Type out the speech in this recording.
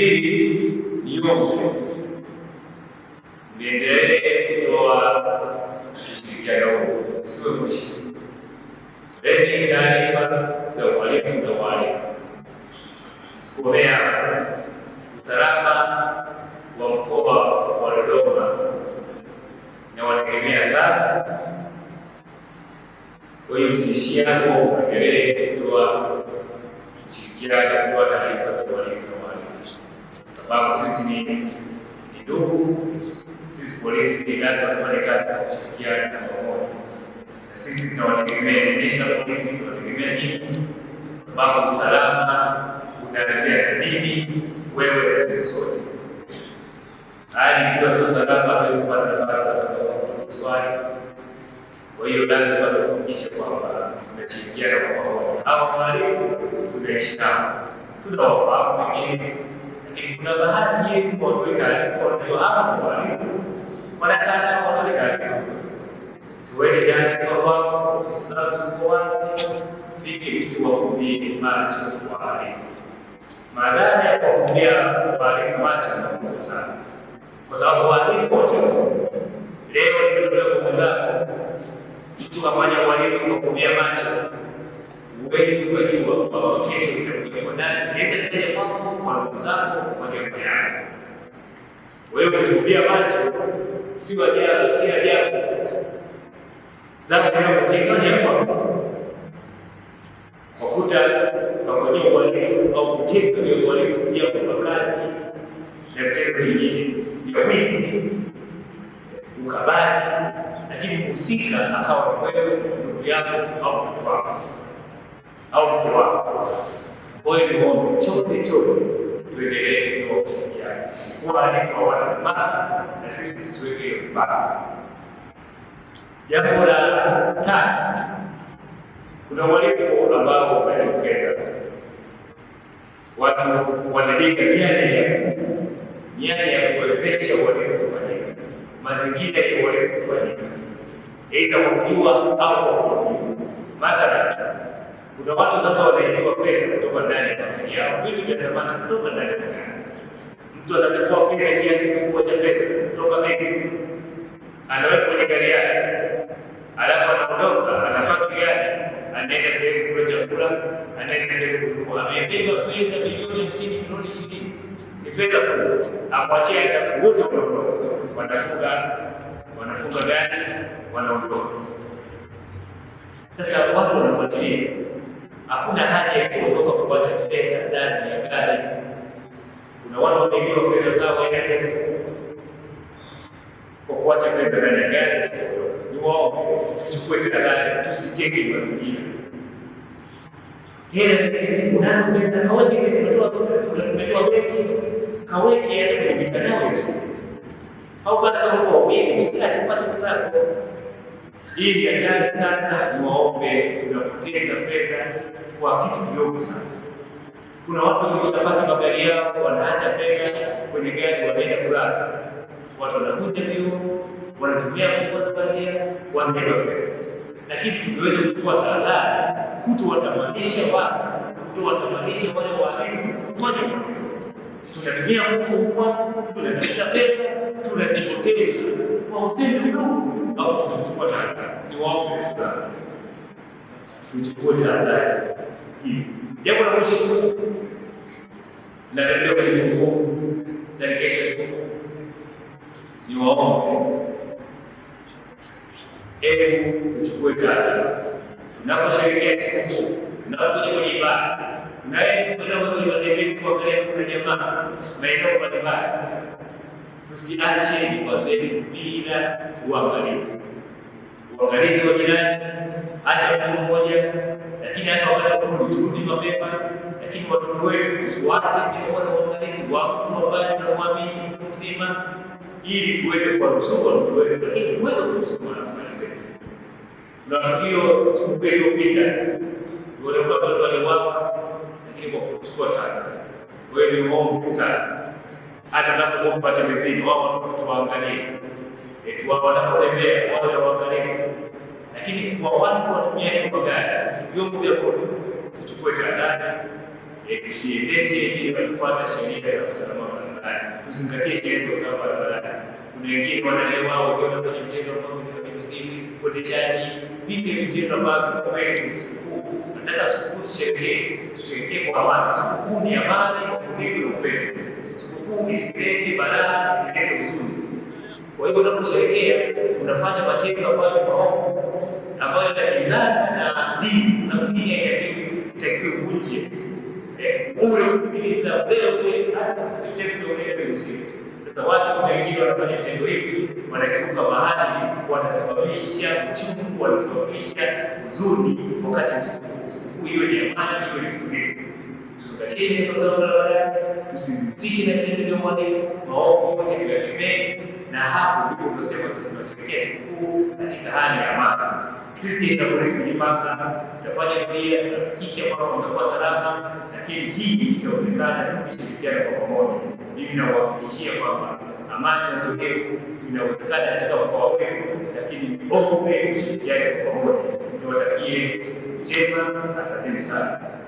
Pili niombe niendelee kutoa ushirikiano huu, siwe mwisho. Leni taarifa za uhalifu na uhalifu, msikomea usalama wa mkoa wa Dodoma na wategemea sana. Kwa hiyo msiishie hapo, uendelee kutoa ushirikiano, kutoa taarifa sababu sisi ni ndugu. Sisi polisi lazima tufanye kazi kwa kushirikiana na pamoja, na sisi tunawategemea jeshi la polisi, tunawategemea nini, ambapo usalama unaanzia na mimi, wewe na sisi sote. Hali ikiwa sio salama, hatuwezi kupata nafasi ya kuswali. Kwa hiyo lazima tuhakikishe kwamba tunashirikiana kwa pamoja. Hao wahalifu tunaishi nao, tunawafahamu wengine lakini kuna baadhi yetu watoe taarifa walio hapo walipo wanataka watoe taarifa. Tuweni taarifa kwamba ofisi zao ziko wazi, fiki msiwafumbie macho wahalifu. Madhara ya kuwafumbia wahalifu macho ni kubwa sana, kwa sababu wahalifu wachagua. Leo nimetolewa kwa mwenzako, mtu kafanya uhalifu, kafumbia macho huwezi kujua kwamba kesho utakuja kwa nani, kesho itakuja kwako, kwa ndugu zako, kwa jirani yako. Wewe ukifumbia macho si ajabu, si ajabu zako zinapotika ni kwako. Wakuta kafanyia uhalifu au kutenda hiyo uhalifu, pia ubakaji na vitendo vingine vya wizi, ukabali, lakini mhusika akawa ni wewe, ndugu yako au mtu wako au mke wako. Wewe ni ombi tuendelee kuwa ushirikiano, kuwaarifu na sisi tusiwekee mpaka. Jambo la tatu, kuna uhalifu ambao unajitokeza, watu wanajenga mianya ya mianya ya kuwezesha uhalifu kufanyika, mazingira ya uhalifu kufanyika, aidha kwa kujua au kwa kujua. Mathalan kuna watu sasa wanaibiwa fedha kutoka ndani ya kampuni yao, vitu vya thamani kutoka ndani ya kampuni. Mtu anachukua fedha kiasi kikubwa cha fedha kutoka benki, anaweka kwenye gari yake, alafu anaondoka, anapaki gari, anaenda sehemu kula chakula, anaenda sehemu kununua. Amebeba fedha milioni hamsini, milioni ishirini, ni fedha kubwa, Akuachia hata wote, wanaondoka, wanafunga wanafunga gari, wanaondoka. Sasa watu wanafuatilia Hakuna haja ya kuondoka kuacha fedha ndani ya gari. Kuna watu wameibiwa fedha zao aina pesa kwa kuacha fedha ndani ya gari. Ni wao tuchukue kila gari, tusijenge mazingira. Hela unayo fedha, kaweke, umetoa wengi, kaweke hata kwenye mitandao ya simu au basi kama kwa wingi, msiache kwa chakula zako. Hii ni hatari sana, niwaombe, tunapoteza fedha kwa kitu kidogo sana. Kuna watu wakishapata magari yao wanaacha fedha kwenye gari, wanaenda kulala. Watu wanavuja vio, wanatumia funguo za bandia, wanaiba fedha. Lakini tukiweza kuchukua tahadhari, kutowatamanisha watu, kutowatamanisha wale wahalifu kufanya tunatumia nguvu kubwa, tunatafuta fedha, tunajipoteza kwa usemi mdogo au kuchukua tahadhari. Ni waombe tuchukue tahadhari hiyo. Jambo la mwisho, nakaribia kwenye sikukuu za kesho, ni waombe, hebu tuchukue tahadhari tunaposherehekea sikukuu, tunapokuja kwenye ibada naye kwenda matembezi kuangalia kuna jamaa maeneo mbalimbali, tusiache ndoa zetu bila uangalizi wangalizi wa jirani, hata mtu mmoja, lakini hata wakati wa turudi mapema, lakini watoto wetu tusiwaache bila na uangalizi wa mtu ambaye tunamwamini mzima, ili tuweze kuwanusuru watoto wetu, lakini tuweze kumsukuma na mali Na hiyo siku iliyopita wale watoto waliwawa, lakini kwa kuchukua tani wewe ni mwongo sana, hata napokuomba tembezeni wao watoto waangalie eti wao wanapotembea wale waangalie, lakini kwa watu watumia hiyo magari, vyombo vya moto, tuchukue tahadhari, tusiendeshe bila kufuata sheria ya usalama barabarani, tuzingatie sheria za usalama barabarani. Kuna wengine wanalewa wakiona kwenye mchezo wa kimsingi uendeshaji, vipi vitendo ambavyo kwa kweli ni sikukuu. Nataka sikukuu tusherekee, tusherekee kwa amani. Sikukuu ni amani, utulivu na upendo. Sikukuu isilete balaa kwa hivyo unaposherekea unafanya matendo ambayo ni maovu, ambayo yanakinzana na dini, kwa sababu dini haitakiwi vunje eh, ule kutimiza wewe, hata vitendo vya ulimi. Sasa watu wengine wanafanya vitendo hivi, wanakiuka maadili, wanasababisha uchungu, wanasababisha huzuni, wakati sikukuu hiyo ni amani, hiyo ni utulivu. Tusikatishe sasa barabara, tusihusishe na vitendo vya uhalifu, maovu yote tuyakemee na hapo ndipo tunasema tunasikia siku katika hali ya amani. Sisi tutakuweza kujipanga, tutafanya dunia, kuhakikisha kwamba tunakuwa salama, lakini hii itawezekana tukishirikiana kwa pamoja. Mimi nakuhakikishia kwamba amani na utulivu inawezekana katika mkoa wetu, lakini ombe tushirikiane kwa pamoja. Niwatakie njema, asanteni sana.